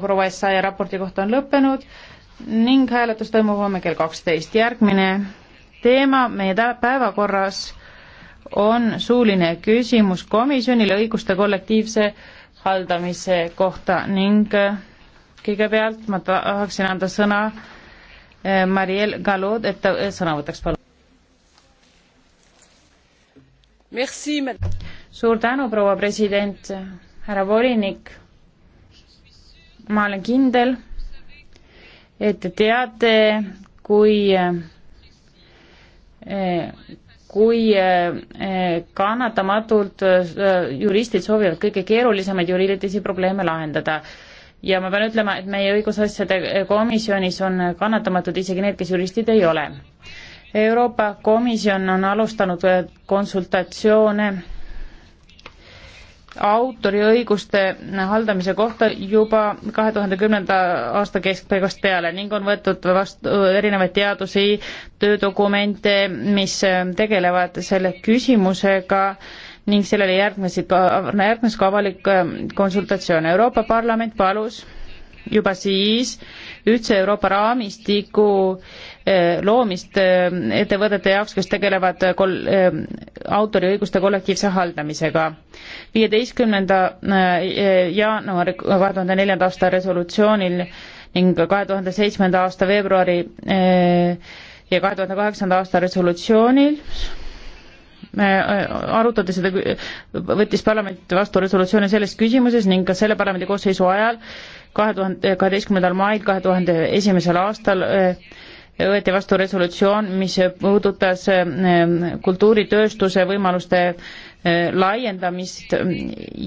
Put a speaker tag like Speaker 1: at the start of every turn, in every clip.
Speaker 1: proua Essaia raporti kohta on lõppenud ning hääletus toimub homme kell kaksteist. järgmine teema meie päevakorras on suuline küsimus komisjonile õiguste kollektiivse haldamise kohta ning äh, kõigepealt ma tahaksin anda sõna äh, Marielle Galod, et ta äh, sõna võtaks, palun. suur tänu, proua president, härra volinik ma olen kindel, et te teate, kui eh, kui eh, kannatamatult eh, juristid soovivad kõige keerulisemaid juriidilisi probleeme lahendada. ja ma pean ütlema, et meie õigusasjade komisjonis on kannatamatud isegi need, kes juristid ei ole. Euroopa Komisjon on alustanud konsultatsioone autoriõiguste haldamise kohta juba kahe tuhande kümnenda aasta keskpaigast peale ning on võetud vastu erinevaid teadusi, töödokumente, mis tegelevad selle küsimusega ning sellele järgnesid ka, järgnes ka avalik äh, konsultatsioon. Euroopa Parlament palus juba siis ühtse Euroopa raamistiku äh, Eh, loomist eh, ettevõtete jaoks, kes tegelevad eh, kol-, autoriõiguste kollektiivse haldamisega. viieteistkümnenda jaanuari kahe tuhande neljanda aasta resolutsioonil ning kahe tuhande seitsmenda aasta veebruari ja kahe tuhande kaheksanda aasta resolutsioonil arutati seda, võttis parlament vastu resolutsiooni selles küsimuses ning ka selle parlamendi koosseisu ajal kahe tuhande kaheteistkümnendal mail kahe tuhande esimesel aastal äh, võeti vastu resolutsioon, mis puudutas ähm, kultuuritööstuse võimaluste äh, laiendamist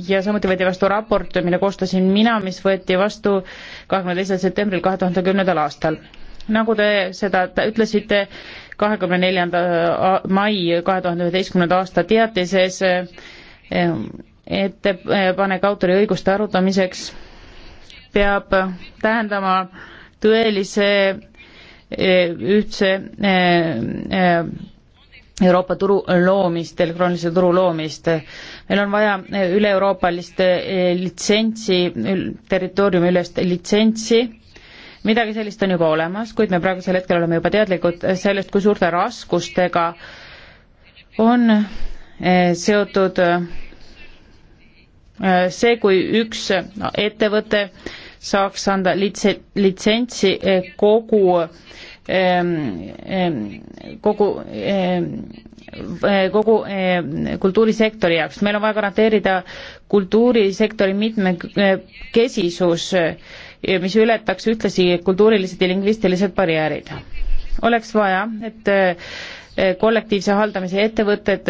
Speaker 1: ja samuti võeti vastu raport, mille koostasin mina, mis võeti vastu kahekümne teisel septembril kahe tuhande kümnendal aastal. nagu te seda ütlesite, kahekümne neljanda mai kahe tuhande üheteistkümnenda aasta teatises ähm, ettepanek äh, autoriõiguste arutamiseks peab tähendama tõelise ühtse eh, eh, Euroopa turu loomist, elektroonilise turu loomist. meil on vaja eh, üle-euroopalist litsentsi, territooriumiülest litsentsi, midagi sellist on juba olemas, kuid me praegusel hetkel oleme juba teadlikud sellest, kui suurte raskustega on seotud see, kui üks ettevõte saaks anda litse-, litsentsi eh, kogu ehm, ehm, kogu ehm, eh, kogu eh, kultuurisektori jaoks, meil on vaja garanteerida kultuurisektori mitmekesisus, mis ületaks ühtlasi kultuurilised ja lingvistilised barjäärid. oleks vaja, et kollektiivse haldamise ettevõtted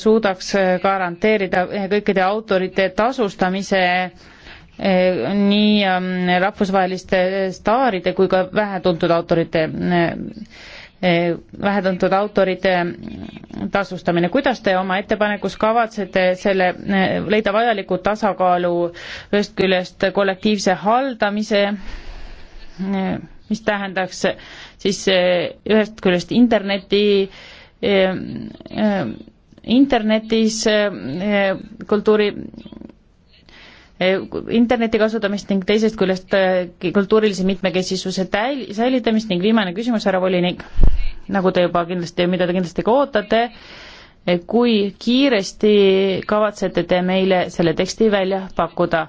Speaker 1: suudaks garanteerida kõikide autorite tasustamise Eh, nii ähm, rahvusvaheliste staaride kui ka vähetuntud autorite eh, eh, vähetuntud autorite tasustamine. kuidas te oma ettepanekus kavatsete selle, leida vajaliku tasakaalu ühest küljest kollektiivse haldamise, mis tähendaks siis ühest küljest interneti, internetis kultuuri Eh, interneti kasutamist ning teisest küljest eh, kultuurilise mitmekesisuse täil-, säilitamist ning viimane küsimus, härra volinik, nagu te juba kindlasti, mida te kindlasti ka ootate, eh, kui kiiresti kavatsete te meile selle teksti välja pakkuda?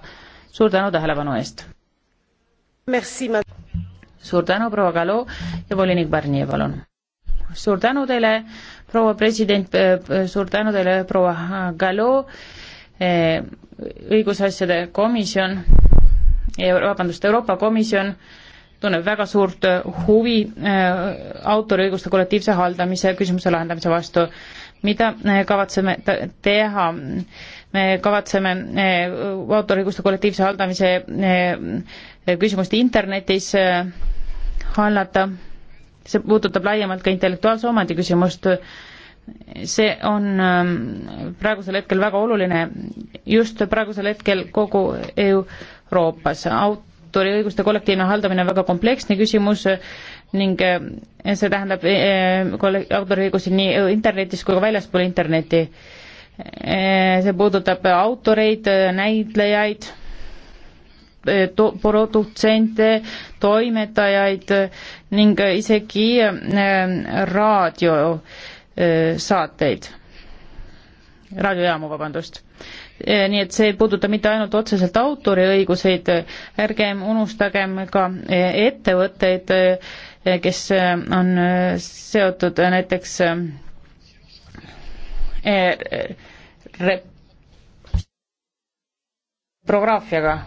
Speaker 1: suur tänu tähelepanu eest! suur tänu, proua Kalu ja volinik Barnier, palun! suur tänu teile, proua president, suur tänu teile, proua Kalu, Eh, õigusasjade komisjon, vabandust, Euroopa Komisjon tunneb väga suurt eh, huvi eh, autoriõiguste kollektiivse haldamise küsimuse lahendamise vastu. mida kavatseme teha? me kavatseme autoriõiguste kollektiivse haldamise küsimust internetis hallata, see puudutab laiemalt ka intellektuaalse omandi küsimust, see on praegusel hetkel väga oluline just praegusel hetkel kogu Euroopas. autoriõiguste kollektiivne haldamine on väga kompleksne küsimus ning eh, see tähendab eh, autoriõigusi nii internetis kui ka väljaspool internetti. Eh, see puudutab autoreid, näitlejaid, to-, produtsente, toimetajaid ning isegi raadiosaateid, raadiojaamu, vabandust Eh, nii et see ei puuduta mitte ainult otseselt autoriõiguseid, ärgem unustagem ka eh, ettevõtteid, eh, kes on seotud näiteks rep-, pornograafiaga.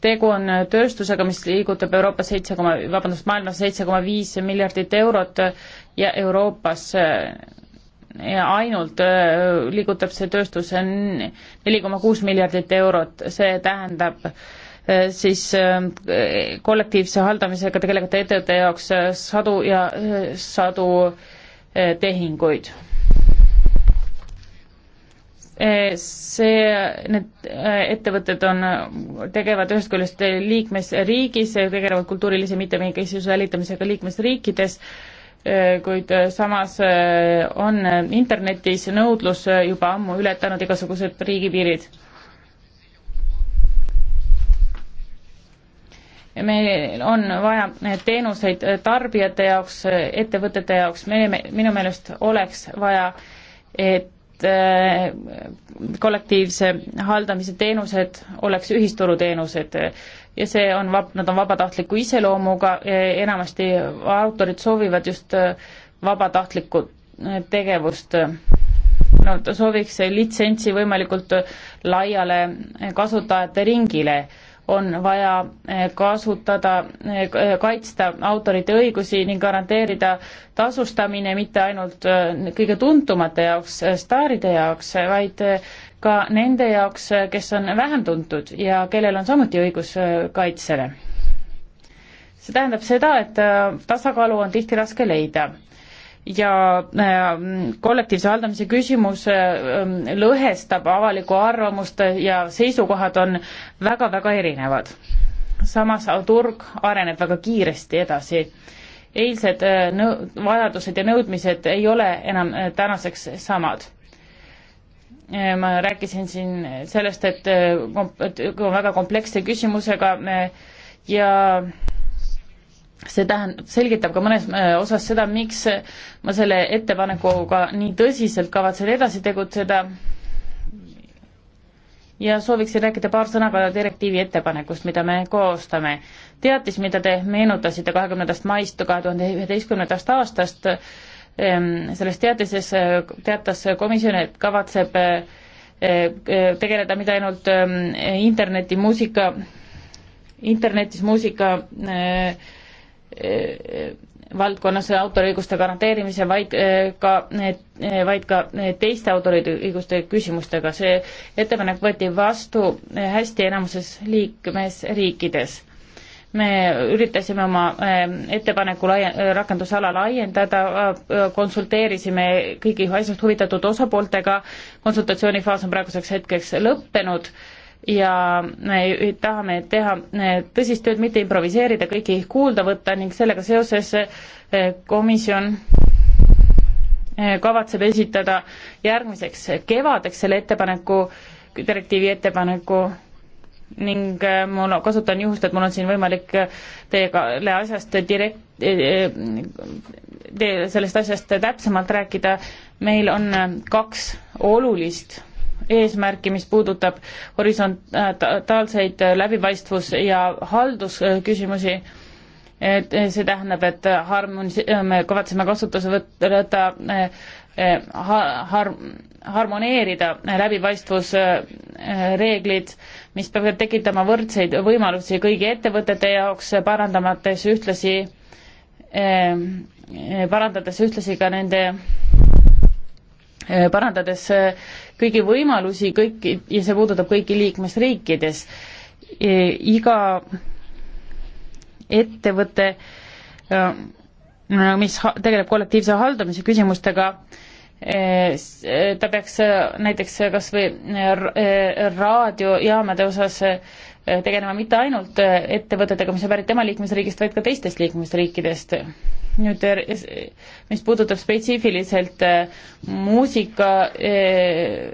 Speaker 1: tegu on tööstusega, mis liigutab Euroopas seitse koma, vabandust, maailmas seitse koma viis miljardit eurot ja Euroopas ainult äh, liigutab see tööstus neli koma kuus miljardit eurot, see tähendab äh, siis äh, kollektiivse haldamisega tegelevate ettevõtete jaoks sadu ja sadu tehinguid. see, need ettevõtted on, tegevad ühest küljest liikmesriigis, tegelevad kultuurilise mittemekesisuse häälitamisega liikmesriikides, Äh, kuid äh, samas äh, on internetis nõudlus juba ammu ületanud igasugused riigipiirid. meil on vaja teenuseid tarbijate jaoks, ettevõtete jaoks, me, minu meelest oleks vaja, et Eh, kollektiivse haldamise teenused oleks ühisturuteenused ja see on vab-, nad on vabatahtliku iseloomuga, enamasti autorid soovivad just eh, vabatahtlikku eh, tegevust. Nad sooviks litsentsi võimalikult laiale kasutajate ringile on vaja eh, kasutada, eh, kaitsta autorite õigusi ning garanteerida tasustamine mitte ainult eh, kõige tuntumate jaoks, staaride jaoks, vaid ka nende jaoks, kes on vähem tuntud ja kellel on samuti õigus kaitsele. see tähendab seda, et tasakaalu on tihti raske leida ja ähm, kollektiivse haldamise küsimus ähm, lõhestab avalikku arvamust ja seisukohad on väga-väga erinevad. samas turg areneb väga kiiresti edasi. eilsed äh, nõu-, vajadused ja nõudmised ei ole enam äh, tänaseks samad äh, ma rääkisin siin sellest, et kom-, et väga kompleksse küsimusega ja see tähendab, selgitab ka mõnes äh, osas seda, miks ma selle ettepanekuga nii tõsiselt kavatsen edasi tegutseda ja sooviksin rääkida paar sõna ka direktiivi ettepanekust, mida me koostame. teatis, mida te meenutasite kahekümnendast maist kahe tuhande üheteistkümnendast aastast, ähm, selles teatises äh, teatas komisjon, et kavatseb äh, tegeleda mitte ainult ähm, interneti muusika, internetis muusika äh, Eh, valdkonnas autoriõiguste garanteerimise, vaid eh, ka, eh, vaid ka teiste autoriõiguste küsimustega. see ettepanek võeti vastu hästi enamuses liikmesriikides. me üritasime oma ettepaneku laia-, rakendusala laiendada, konsulteerisime kõigi asjast huvitatud osapooltega, konsultatsioonifaas on praeguseks hetkeks lõppenud ja me tahame teha eh, tõsist tööd, mitte improviseerida, kõiki kuulda võtta ning sellega seoses eh, komisjon eh, kavatseb esitada järgmiseks kevadeks selle ettepaneku, direktiivi ettepaneku ning mul, kasutan juhust, et mul on siin võimalik teiega asjast direkt-, te sellest asjast täpsemalt rääkida, meil on kaks olulist eesmärki, mis puudutab horisontaalseid läbipaistvus- ja haldusküsimusi, et see tähendab, et harmonis-, me kavatseme kasutuse võtta, võtta eh, eh, har-, har-, harmoneerida läbipaistvusreeglid, eh, mis peavad tekitama võrdseid võimalusi kõigi ettevõtete jaoks, parandamates ühtlasi, parandades ühtlasi ka nende Eh, parandades eh, kõigi võimalusi kõiki ja see puudutab kõiki liikmesriikides. Eh, iga ettevõte, mis tegeleb kollektiivse haldamise küsimustega, ta peaks näiteks kas või raadiojaamade osas tegelema mitte ainult ettevõtetega, mis on pärit tema liikmesriigist, vaid ka teistest liikmesriikidest nüüd mis puudutab spetsiifiliselt äh, muusika äh,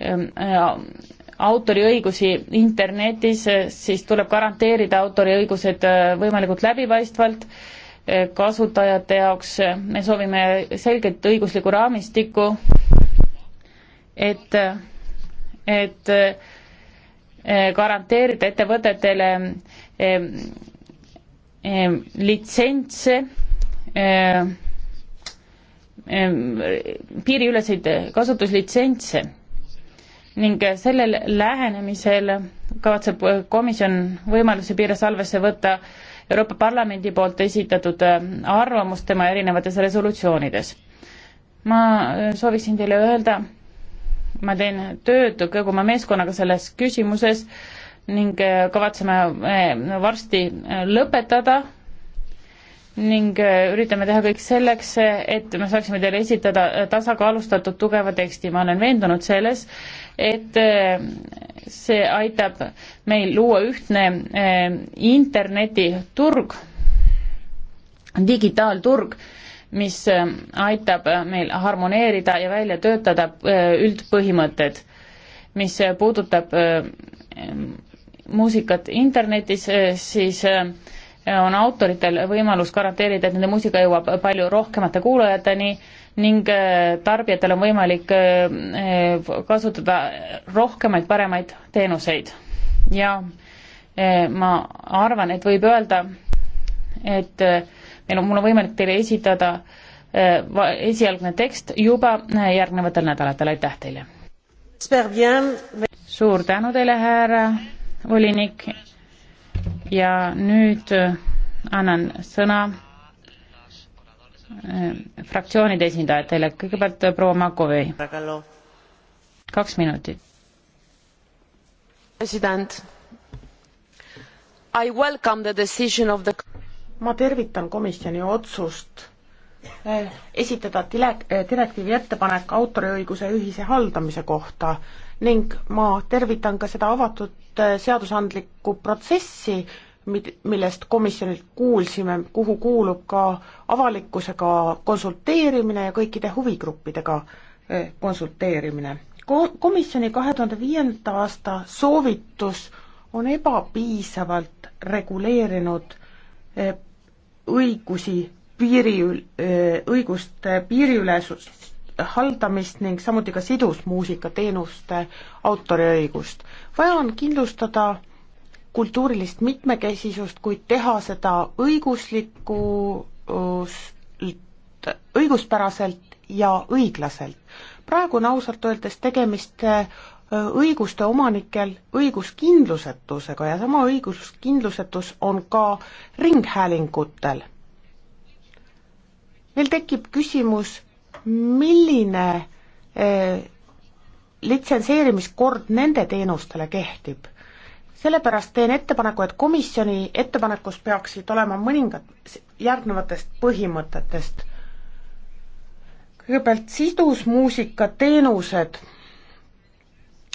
Speaker 1: äh, autoriõigusi internetis, siis tuleb garanteerida autoriõigused võimalikult läbipaistvalt kasutajate jaoks, me soovime selget õiguslikku raamistikku, et, et garanteerida ettevõtetele litsentse Äh, ähm, piiriüleseid kasutuslitsentse ning sellel lähenemisel kavatseb komisjon võimaluse piires halvesse võtta Euroopa Parlamendi poolt esitatud äh, arvamust tema erinevates resolutsioonides. ma äh, sooviksin teile öelda, ma teen tööd kogu oma meeskonnaga selles küsimuses ning kavatseme varsti lõpetada ning äh, üritame teha kõik selleks, et me saaksime teile esitada äh, tasakaalustatud tugeva teksti. ma olen veendunud selles, et äh, see aitab meil luua ühtne internetiturg, digitaalturg, mis aitab meil harmoneerida ja välja töötada üldpõhimõtted, mis puudutab muusikat internetis, siis äh, on autoritel võimalus garanteerida, et nende muusika jõuab palju rohkemate kuulajateni ning äh, tarbijatel on võimalik äh, äh, kasutada rohkemaid paremaid teenuseid. ja ma arvan, et võib öelda, et meil on, mul on võimalik teile esitada esialgne tekst juba järgnevatel nädalatel, aitäh teile! suur tänu teile, härra volinik! ja nüüd äh, annan sõna äh, fraktsioonide esindajatele, kõigepealt äh, proua Makovei. kaks minutit.
Speaker 2: president, I welcome the decision of the ma tervitan komisjoni otsust esitada dile-, direktiivi ettepanek autoriõiguse ühise haldamise kohta ning ma tervitan ka seda avatud äh, seadusandlikku protsessi, mid-, millest komisjonilt kuulsime, kuhu kuulub ka avalikkusega konsulteerimine ja kõikide huvigruppidega äh, konsulteerimine. Ko-, komisjoni kahe tuhande viienda aasta soovitus on ebapiisavalt reguleerinud äh, õigusi piiri, õigust piiriülesus haldamist ning samuti ka sidusmuusikateenuste autoriõigust. vaja on kindlustada kultuurilist mitmekesisust, kuid teha seda õiguslikust, õiguspäraselt ja õiglaselt. praegu on ausalt öeldes tegemist äh, õiguste omanikel õiguskindlusetusega ja sama õiguskindlusetus on ka ringhäälingutel. meil tekib küsimus, milline eh, litsenseerimiskord nende teenustele kehtib. sellepärast teen ettepaneku, et komisjoni ettepanekus peaksid olema mõningad järgnevatest põhimõtetest. kõigepealt sidusmuusika teenused,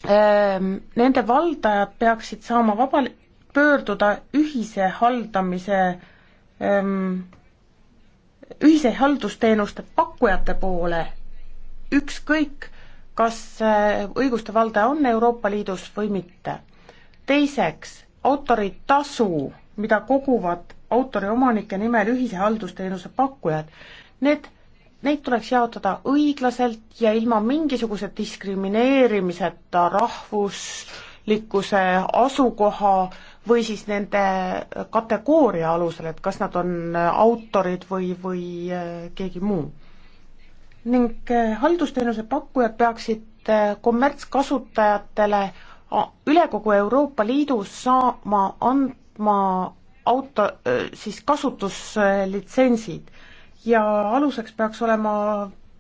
Speaker 2: ehm, nende valdajad peaksid saama vaba, pöörduda ühise haldamise öö, ehm, ühise haldusteenuste pakkujate poole, ükskõik, kas äh, õiguste valdaja on Euroopa Liidus või mitte. teiseks, autoritasu, mida koguvad autoriomanike nimel ühise haldusteenuse pakkujad, need, neid tuleks jaotada õiglaselt ja ilma mingisuguse diskrimineerimiseta rahvuslikkuse, asukoha või siis nende kategooria alusel, et kas nad on autorid või, või äh, keegi muu. ning äh, haldusteenuse pakkujad peaksid äh, kommertskasutajatele üle kogu Euroopa Liidus saama andma auto, siis kasutuslitsentsid ja aluseks peaks olema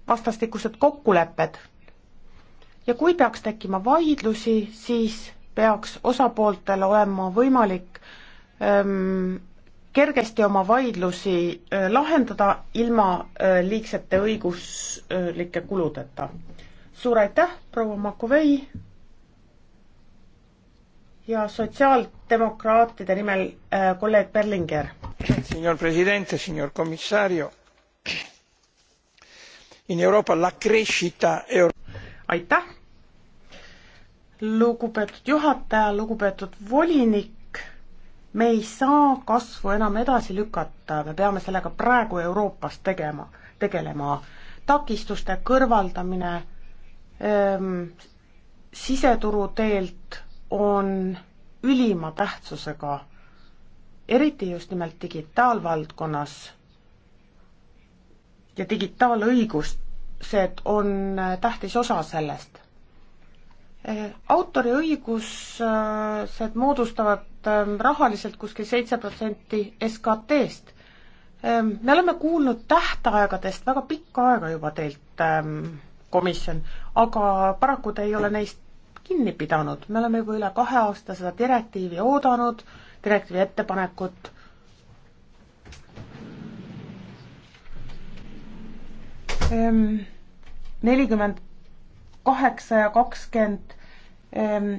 Speaker 2: vastastikused kokkulepped. ja kui peaks tekkima vaidlusi, siis peaks osapooltel olema võimalik ähm, kergesti oma vaidlusi äh, lahendada ilma äh, liigsete õiguslike äh, kuludeta. suur aitäh, proua Makovei ja sotsiaaldemokraatide nimel äh, kolleeg Berlinger. Signor Presidente, signor Commissario, in Euroopa la crescita Euro-. aitäh lugupeetud juhataja, lugupeetud volinik, me ei saa kasvu enam edasi lükata, me peame sellega praegu Euroopas tegema, tegelema. takistuste kõrvaldamine ähm, siseturu teelt on ülima tähtsusega, eriti just nimelt digitaalvaldkonnas ja digitaalõigused on tähtis osa sellest autoriõigused moodustavad ähm, rahaliselt kuskil seitse protsenti SKT-st. Ähm, me oleme kuulnud tähtaegadest väga pikka aega juba teilt, ähm, komisjon, aga paraku te ei ole neist kinni pidanud, me oleme juba üle kahe aasta seda direktiivi oodanud, direktiivi ettepanekut nelikümmend kaheksa ja kakskümmend Ehm,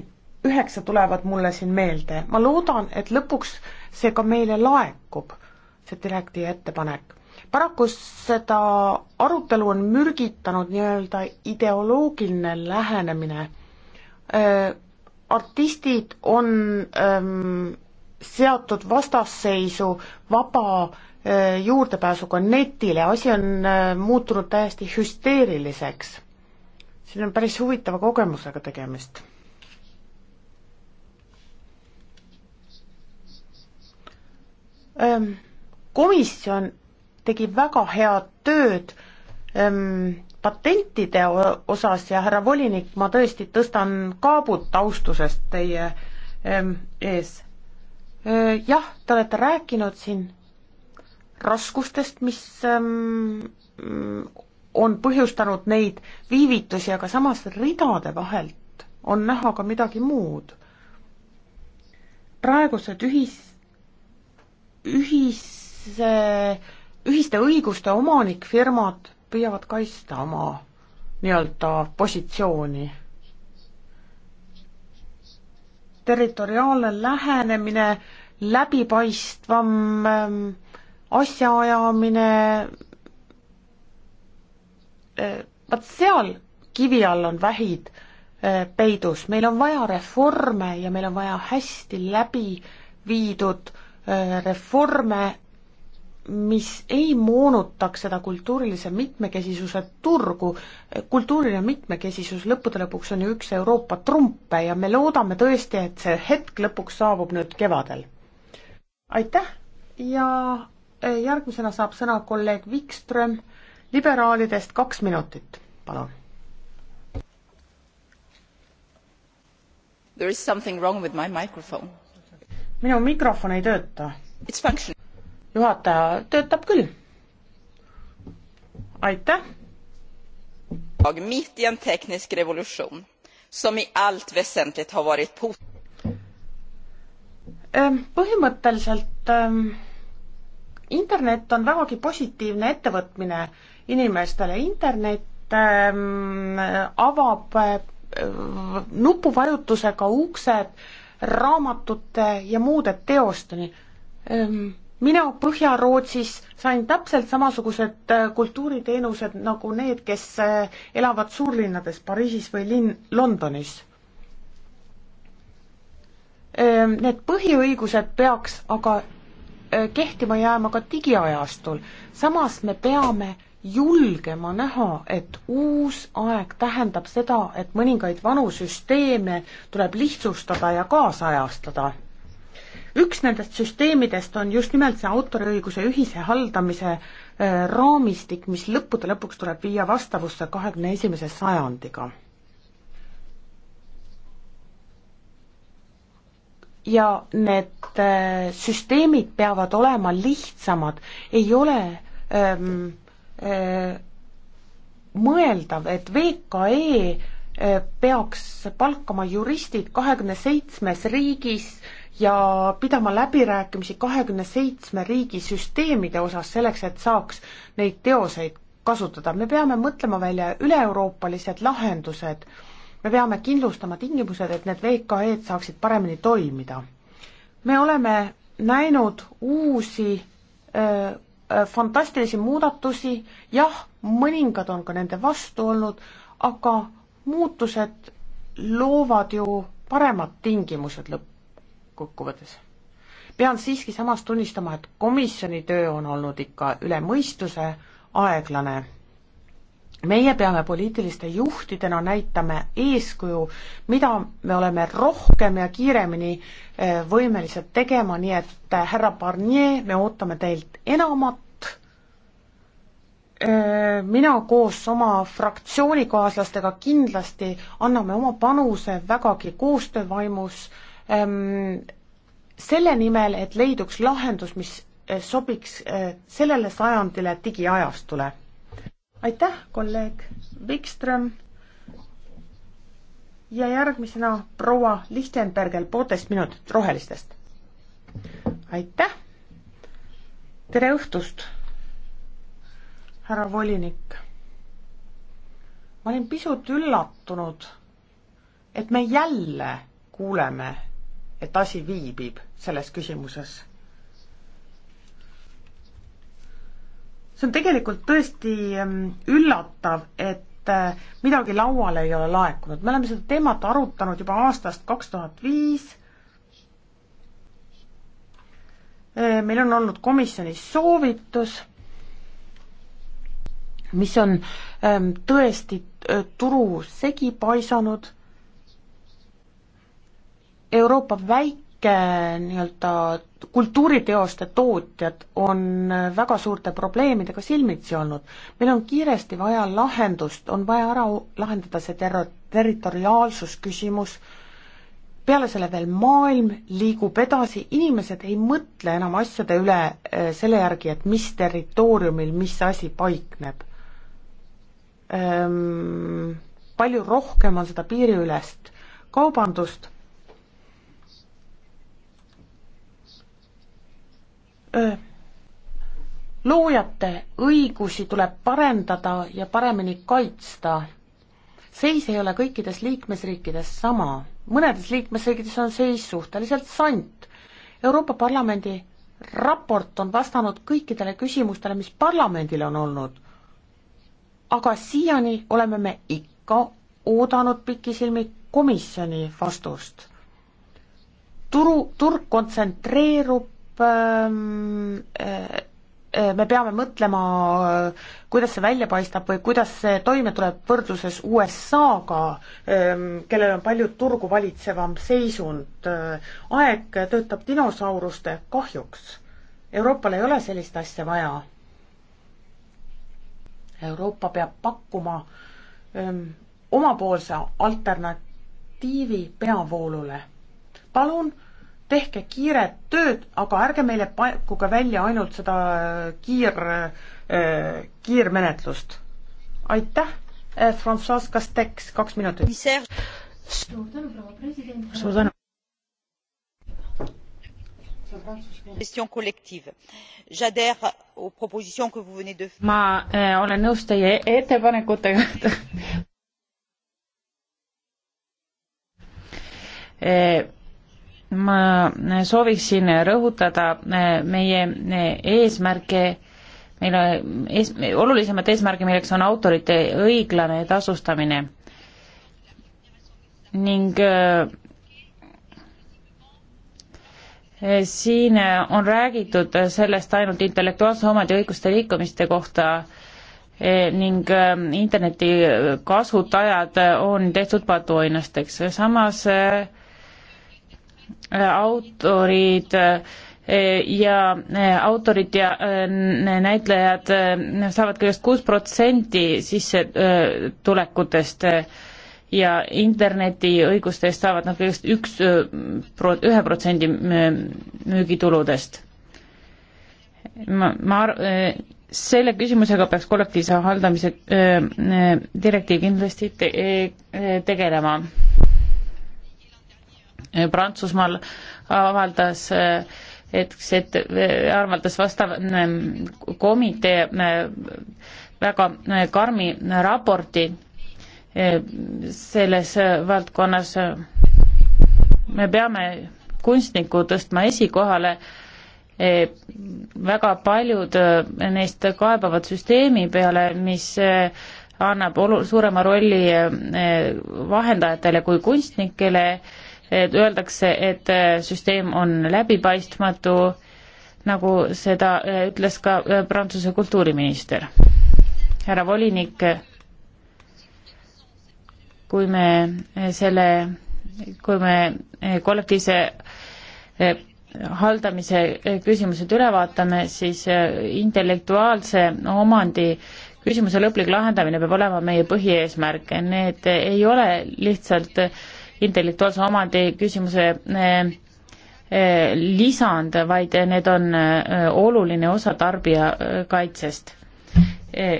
Speaker 2: üheksa tulevad mulle siin meelde, ma loodan, et lõpuks see ka meile laekub, see direktiivi ettepanek. paraku seda arutelu on mürgitanud nii-öelda ideoloogiline lähenemine. Ehm, artistid on öö, ehm, seatud vastasseisu vaba öö, juurdepääsuga netile, asi on öö, muutunud täiesti hüsteeriliseks. siin on päris huvitava kogemusega tegemist komisjon tegi väga head tööd patentide osas ja härra volinik, ma tõesti tõstan kaabut austusest teie ees. jah, te olete rääkinud siin raskustest, mis on põhjustanud neid viivitusi, aga samas ridade vahelt on näha ka midagi muud. praegused ühis-, ühise, ühiste õiguste omanikfirmad püüavad kaitsta oma nii-öelda positsiooni. territoriaalne lähenemine, läbipaistvam ähm, asjaajamine, äh, vaat seal kivi all on vähid äh, peidus, meil on vaja reforme ja meil on vaja hästi läbi viidud äh, reforme, mis ei moonutaks seda kultuurilise mitmekesisuse turgu, kultuuriline mitmekesisus lõppude lõpuks on ju üks Euroopa trumpe ja me loodame tõesti, et see hetk lõpuks saabub nüüd kevadel. aitäh ja e, järgmisena saab sõna kolleeg Wikström liberaalidest, kaks minutit, palun.
Speaker 1: There is something wrong with my microphone
Speaker 2: minu mikrofon ei tööta. juhataja, töötab küll. aitäh.
Speaker 1: mitt i en teknisk revolution som i allt väsentligt har varit pot-.
Speaker 2: Ehm, põhimõtteliselt ehm, internet on vägagi positiivne ettevõtmine inimestele, internet ehm, avab nupuvajutusega uksed raamatute ja muude teosteni. Ehm, mina Põhja-Rootsis sain täpselt samasugused äh, kultuuriteenused nagu need, kes äh, elavad suurlinnades Pariisis või linn, Londonis. Ehm, need põhiõigused peaks aga äh, kehtima jääma ka digiajastul, samas me peame julgema näha, et uus aeg tähendab seda, et mõningaid vanu süsteeme tuleb lihtsustada ja kaasajastada. üks nendest süsteemidest on just nimelt see autoriõiguse ühise haldamise äh, raamistik, mis lõppude lõpuks tuleb viia vastavusse kahekümne esimese sajandiga. ja need äh, süsteemid peavad olema lihtsamad, ei ole ähm, Äh, mõeldav, et VKE äh, peaks palkama juristid kahekümne seitsmes riigis ja pidama läbirääkimisi kahekümne seitsme riigi süsteemide osas selleks, et saaks neid teoseid kasutada, me peame mõtlema välja üle-euroopalised lahendused, me peame kindlustama tingimused, et need VKE-d saaksid paremini toimida. me oleme näinud uusi öö, äh, Äh, fantastilisi muudatusi, jah, mõningad on ka nende vastu olnud, aga muutused loovad ju paremad tingimused lõppkokkuvõttes. pean siiski samas tunnistama, et komisjoni töö on olnud ikka üle mõistuse aeglane meie peame poliitiliste juhtidena näitama eeskuju, mida me oleme rohkem ja kiiremini eh, võimelised tegema, nii et eh, härra Barnier, me ootame teilt enamat. Eh, mina koos oma fraktsioonikaaslastega kindlasti anname oma panuse vägagi koostöövaimus ehm, selle nimel, et leiduks lahendus, mis sobiks sellele sajandile digiajastule aitäh, kolleeg Wikström. ja järgmisena proua Lichtenbergel poolteist minutit rohelistest. aitäh. tere õhtust, härra volinik. ma olin pisut üllatunud, et me jälle kuuleme, et asi viibib selles küsimuses see on tegelikult tõesti ehm, üllatav, et eh, midagi lauale ei ole laekunud, me oleme seda teemat arutanud juba aastast kaks tuhat viis, eh, meil on olnud komisjonis soovitus, mis on ehm, tõesti eh, turu segi paisanud, Euroopa väik-, kõige nii-öelda kultuuriteoste tootjad on väga suurte probleemidega silmitsi olnud. meil on kiiresti vaja lahendust, on vaja ära lahendada see terro-, territoriaalsusküsimus, peale selle veel maailm liigub edasi, inimesed ei mõtle enam asjade üle eh, selle järgi, et mis territooriumil mis asi paikneb. Ehm, palju rohkem on seda piiriülest kaubandust loojate õigusi tuleb parendada ja paremini kaitsta. seis ei ole kõikides liikmesriikides sama, mõnedes liikmesriikides on seis suhteliselt sant. Euroopa Parlamendi raport on vastanud kõikidele küsimustele, mis parlamendil on olnud. aga siiani oleme me ikka oodanud pikisilmi komisjoni vastust. turu, turg kontsentreerub Ähm, äh, äh, me peame mõtlema, äh, kuidas see välja paistab või kuidas see toime tuleb võrdluses USA-ga, ähm, kellel on palju turgu valitsevam seisund. aeg töötab dinosauruste kahjuks. Euroopal ei ole sellist asja vaja. Euroopa peab pakkuma öö, ähm, omapoolse alternatiivi peavoolule. palun tehke kiiret tööd, aga ärge meile pakkuge välja ainult seda äh, kiir, äh, kiirmenetlust. aitäh, äh, Francois Castex, kaks minutit.
Speaker 3: suur tänu, proua president. suur tänu. question
Speaker 1: collective. J'adhère aux propositions que vous venez de faire. ma äh, olen nõus teie ettepanekutega ma sooviksin rõhutada eh, meie eh, eesmärke, meil on ees, olulisemad eesmärgid, milleks on autorite õiglane tasustamine ning äh, siin on räägitud sellest ainult intellektuaalse omandi õiguste liikumiste kohta eh, ning äh, interneti kasutajad on tehtud patuoinasteks, samas äh, Eh, eh, autorid ja autorid eh, ja näitlejad saavad kõigest kuus protsenti sissetulekutest ja internetiõiguste eest saavad nad kõigest üks, ühe protsendi müügituludest. ma, ma ar-, selle küsimusega peaks kollektiivse haldamise direktiiv kindlasti te tegelema Eh, Prantsusmaal avaldas eh, et, et eh, arvaldas vastav mm, komitee väga karmi raporti selles valdkonnas. me peame kunstniku tõstma esikohale, väga paljud neist kaebavad süsteemi peale, mis annab olu-, suurema rolli vahendajatele kui kunstnikele et öeldakse, et äh, süsteem on läbipaistmatu, nagu seda äh, ütles ka äh, Prantsuse kultuuriminister. härra volinik, kui me selle, kui me kollektiivse haldamise küsimused üle vaatame, siis intellektuaalse omandi küsimuse lõplik lahendamine peab olema meie põhieesmärk, need ei ole lihtsalt äh, intellektuaalse omandi küsimuse eh, eh, lisand, vaid need on eh, oluline osa tarbijakaitsest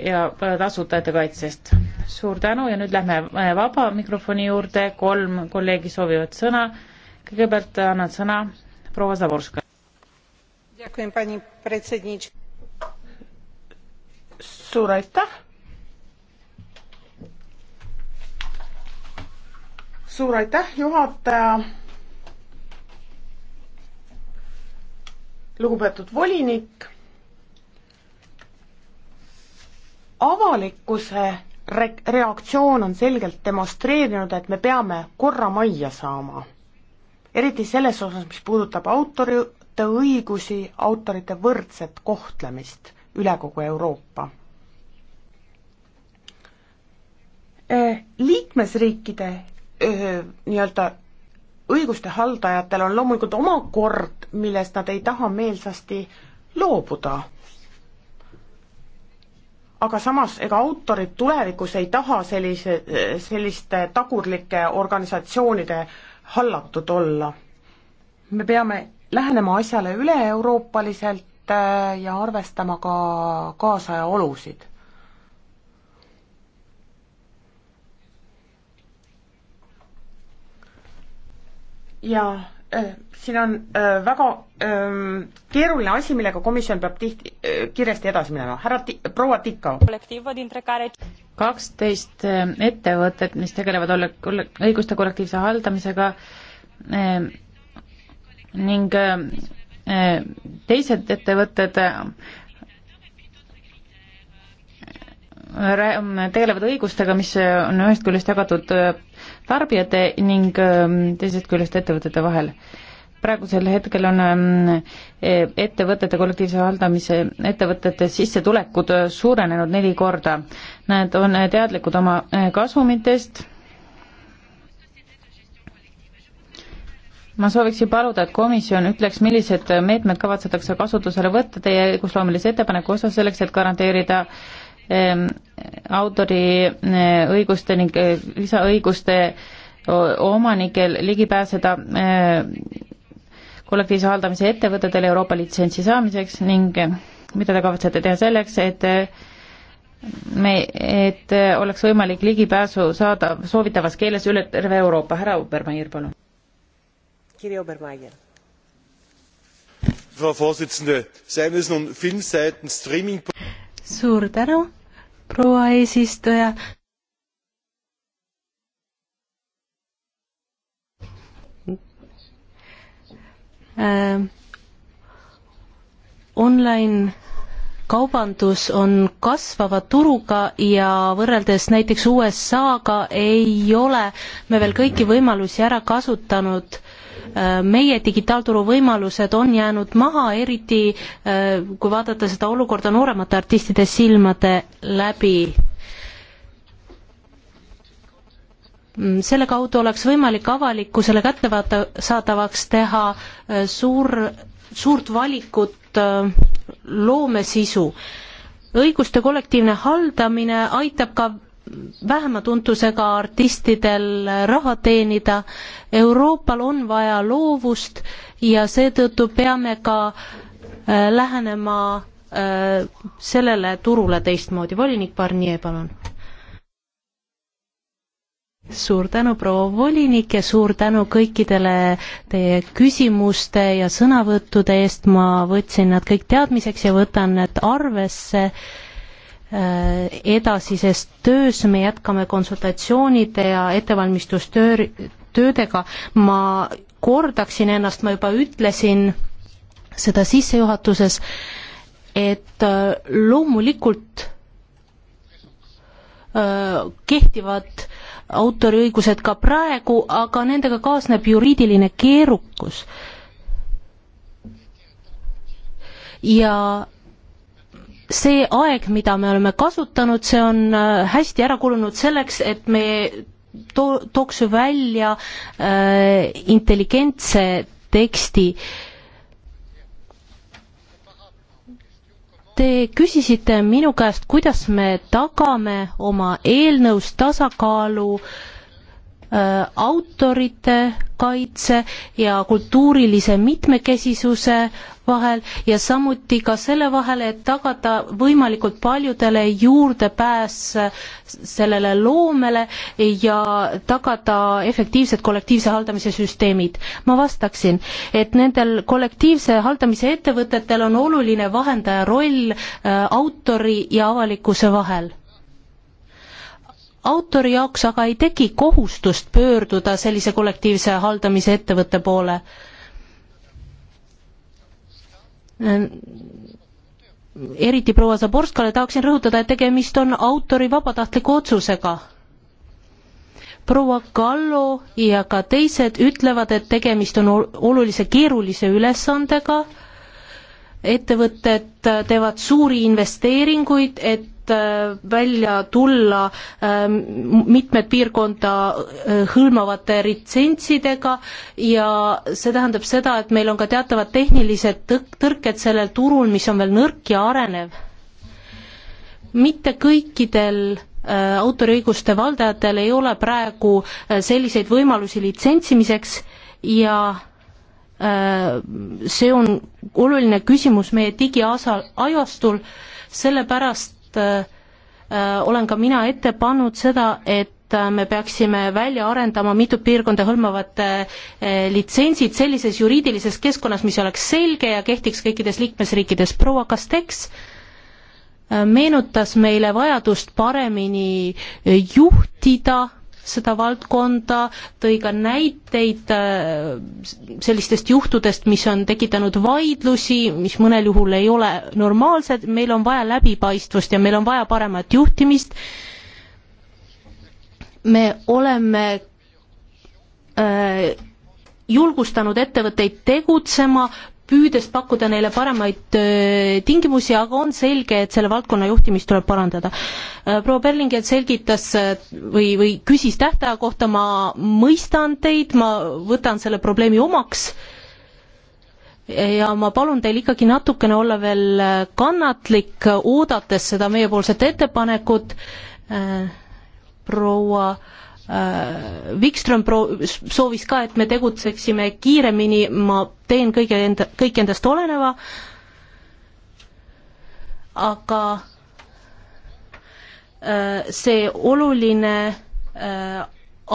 Speaker 1: ja tasutajate kaitsest. suur tänu ja nüüd lähme vaba mikrofoni juurde, kolm kolleegi soovivad sõna. kõigepealt annan sõna proua Zavorska.
Speaker 2: suur aitäh suur aitäh, juhataja. lugupeetud volinik. avalikkuse re-, reaktsioon on selgelt demonstreerinud, et me peame korra majja saama. eriti selles osas, mis puudutab autorite õigusi, autorite võrdset kohtlemist üle kogu Euroopa eh, liikmesriikide nii-öelda õiguste haldajatel on loomulikult oma kord, millest nad ei taha meelsasti loobuda. aga samas, ega autorid tulevikus ei taha sellise, selliste tagurlike organisatsioonide hallatud olla. me peame lähenema asjale üle-euroopaliselt äh, ja arvestama ka kaasaja olusid ja äh, siin on äh, väga äh, keeruline asi, millega komisjon peab tihti äh,, kiiresti edasi minema. härra ti-, proua Tikau.
Speaker 1: kaksteist ähm, ettevõtet, mis tegelevad olle-, olle-, õiguste kollektiivse haldamisega äh, ning ähm, äh, teised ettevõtted äh, tegelevad õigustega, mis on ühest küljest jagatud äh, tarbijate ning ähm, teisest küljest ettevõtete vahel. praegusel hetkel on ähm, e, ettevõtete kollektiivse haldamise, ettevõtete sissetulekud äh, suurenenud neli korda. Nad on teadlikud oma äh, kasumitest, ma sooviksin paluda, et komisjon ütleks, millised meetmed kavatsetakse kasutusele võtta teie õigusloomelise ettepaneku osas selleks, et garanteerida äh, autoriõiguste eh, ning eh, lisaõiguste omanikel ligi pääseda eh, kollektiivse haldamise ettevõtetele Euroopa litsentsi saamiseks ning mida te kavatsete teha selleks, et me, et oleks võimalik ligipääsu saada soovitavas keeles üle terve Euroopa. härra Obermeier, palun.
Speaker 3: Kirja Obermeier. Frau Vorsitzende, seien es nun Filmseiten, Streaming suur tänu proua eesistuja. Ähm, online kaubandus on kasvava turuga ja võrreldes näiteks USA-ga ei ole me veel kõiki võimalusi ära kasutanud Äh, meie digitaalturu võimalused on jäänud maha, eriti äh, kui vaadata seda olukorda nooremate artistide silmade läbi. Mm, selle kaudu oleks võimalik avalikkusele kättesaadavaks teha äh, suur, suurt valikut loomesisu õiguste kollektiivne haldamine aitab ka vähema tuntusega artistidel raha teenida. Euroopal on vaja loovust ja seetõttu peame ka äh, lähenema äh, sellele turule teistmoodi. volinik Barnier, palun. suur tänu, proua volinik ja suur tänu kõikidele teie küsimuste ja sõnavõttude eest, ma võtsin nad kõik teadmiseks ja võtan need arvesse äh, Äh, edasises töös, me jätkame konsultatsioonide ja ettevalmistustöö, töödega, ma kordaksin ennast, ma juba ütlesin seda sissejuhatuses, et äh, loomulikult äh, kehtivad autoriõigused ka praegu, aga nendega kaasneb juriidiline keerukus. ja see aeg, mida me oleme kasutanud, see on äh, hästi ära kulunud selleks, et me to-, tooks välja äh, intelligentse teksti. Te küsisite minu käest, kuidas me tagame oma eelnõus tasakaalu äh, Äh, autorite kaitse ja kultuurilise mitmekesisuse vahel ja samuti ka selle vahel, et tagada võimalikult paljudele juurdepääs sellele loomele ja tagada efektiivsed kollektiivse haldamise süsteemid. ma vastaksin, et nendel kollektiivse haldamise ettevõtetel on oluline vahendaja roll äh, autori ja avalikkuse vahel autori jaoks aga ei teki kohustust pöörduda sellise kollektiivse haldamise ettevõtte poole. eriti proua Zaborskale tahaksin rõhutada, et tegemist on autori vabatahtliku otsusega proua Kallo ja ka teised ütlevad, et tegemist on olulise keerulise ülesandega, ettevõtted teevad suuri investeeringuid, et Äh, välja tulla ähm, mitmed piirkonda äh, hõlmavate litsentsidega ja see tähendab seda, et meil on ka teatavad tehnilised tõrked sellel turul, mis on veel nõrk ja arenev. mitte kõikidel äh, autoriõiguste valdajatel ei ole praegu selliseid võimalusi litsentsimiseks ja see on oluline küsimus meie digiajastul, sellepärast sellepärast äh, olen ka mina ette pannud seda, et äh, me peaksime välja arendama mitut piirkonda hõlmavad äh, litsentsid sellises juriidilises keskkonnas, mis oleks selge ja kehtiks kõikides liikmesriikides. proua Kasteks meenutas meile vajadust paremini juhtida seda valdkonda, tõi ka näiteid äh, sellistest juhtudest, mis on tekitanud vaidlusi, mis mõnel juhul ei ole normaalsed, meil on vaja läbipaistvust ja meil on vaja paremat juhtimist, me oleme äh, julgustanud ettevõtteid tegutsema, püüdes pakkuda neile paremaid äh, tingimusi, aga on selge, et selle valdkonna juhtimist tuleb parandada. Äh, proua Berlingel selgitas äh, või, või küsis tähtaja kohta, ma mõistan teid, ma võtan selle probleemi omaks ja ma palun teil ikkagi natukene olla veel kannatlik, oodates seda meiepoolset ettepanekut, proua äh, Äh, Wikström pro-, soovis ka, et me tegutseksime kiiremini, ma teen kõige enda, kõik endast oleneva, aga äh, see oluline äh,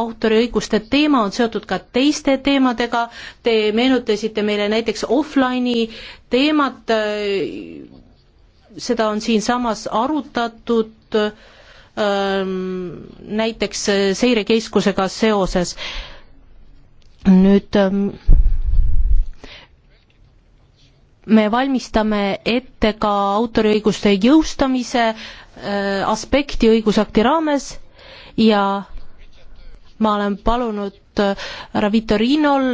Speaker 3: autoriõiguste teema on seotud ka teiste teemadega, te meenutasite meile näiteks offline'i teemat, seda on siinsamas arutatud äh, näiteks seirekeskusega seoses. nüüd me valmistame ette ka autoriõiguste jõustamise aspekti õigusakti raames ja ma olen palunud härra Vitorinol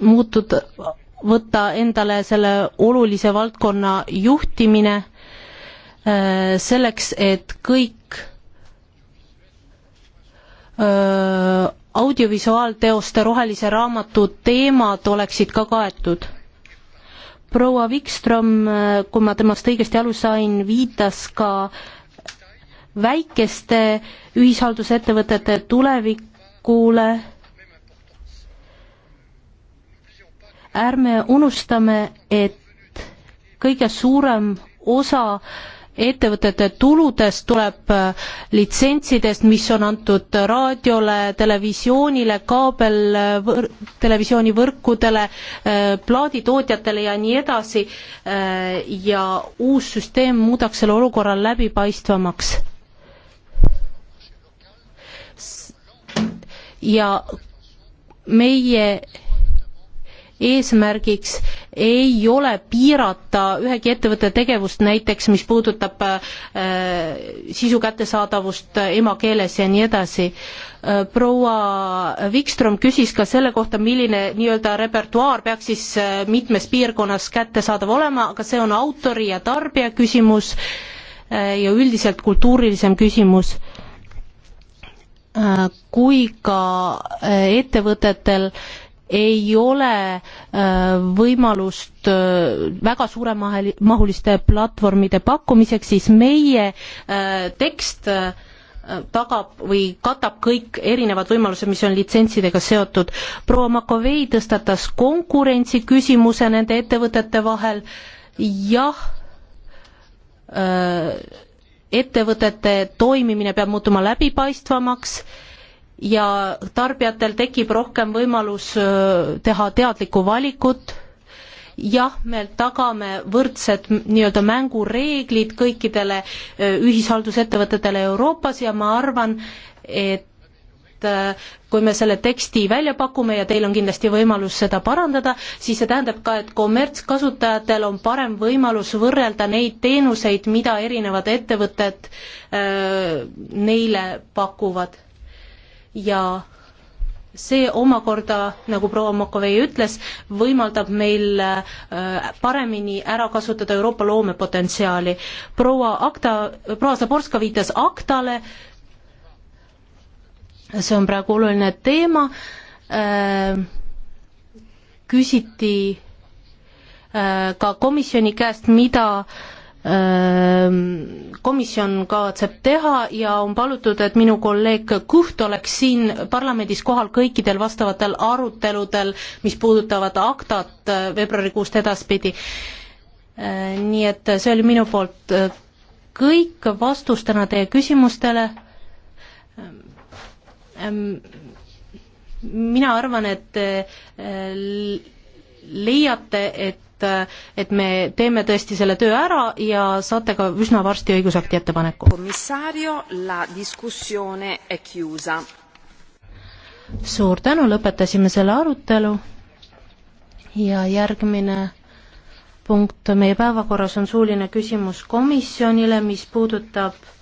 Speaker 3: muutuda, võtta endale selle olulise valdkonna juhtimine Äh, selleks, et kõik äh, audiovisuaalteoste rohelise raamatu teemad oleksid ka kaetud. proua Wikström, äh, kui ma temast õigesti aru sain, viitas ka väikeste ühishaldusettevõtete tulevikule. ärme unustame, et kõige suurem osa äh, ettevõtete tuludest tuleb äh, litsentsidest, mis on antud raadiole, televisioonile, kaabel, televisioonivõrkudele, äh, plaaditootjatele ja nii edasi. Äh, ja uus süsteem muudaks selle olukorra läbipaistvamaks. ja meie eesmärgiks ei ole piirata ühegi ettevõtte tegevust näiteks, mis puudutab äh, sisu kättesaadavust äh, emakeeles ja nii edasi äh,. proua Wikström küsis ka selle kohta, milline nii-öelda repertuaar peaks siis äh, mitmes piirkonnas kättesaadav olema, aga see on autori ja tarbija küsimus äh, ja üldiselt kultuurilisem küsimus äh, kui ka äh, ettevõtetel äh, ei ole äh, võimalust äh, väga suuremahuliste platvormide pakkumiseks, siis meie äh, tekst tagab või katab kõik erinevad võimalused, mis on litsentsidega seotud. proua Makovei tõstatas konkurentsi küsimuse nende ettevõtete vahel, jah, ettevõtete toimimine peab muutuma läbipaistvamaks ja tarbijatel tekib rohkem võimalus teha teadlikku valikut, jah, me tagame võrdsed nii-öelda mängureeglid kõikidele ühishaldusettevõtetele Euroopas ja ma arvan, et kui me selle teksti välja pakume ja teil on kindlasti võimalus seda parandada, siis see tähendab ka, et kommertskasutajatel on parem võimalus võrrelda neid teenuseid, mida erinevad ettevõtted öö, neile pakuvad ja see omakorda, nagu proua Makovei ütles, võimaldab meil äh, paremini ära kasutada Euroopa loomepotentsiaali. proua Akta, proua Zaborska viitas Aktale, see on praegu oluline teema, äh, küsiti äh, ka komisjoni käest, mida äh, Ehm, komisjon kavatseb teha ja on palutud, et minu kolleeg Kuht oleks siin parlamendis kohal kõikidel vastavatel aruteludel, mis puudutavad aktat eh, veebruarikuust edaspidi. Ehm, nii et see oli minu poolt kõik vastustena teie küsimustele. Ehm, mina arvan, et eh, leiate, et et, et me teeme tõesti selle töö ära ja saate ka üsna varsti õigusakti ettepaneku. suur tänu, lõpetasime selle arutelu ja järgmine punkt meie päevakorras on suuline küsimus komisjonile, mis puudutab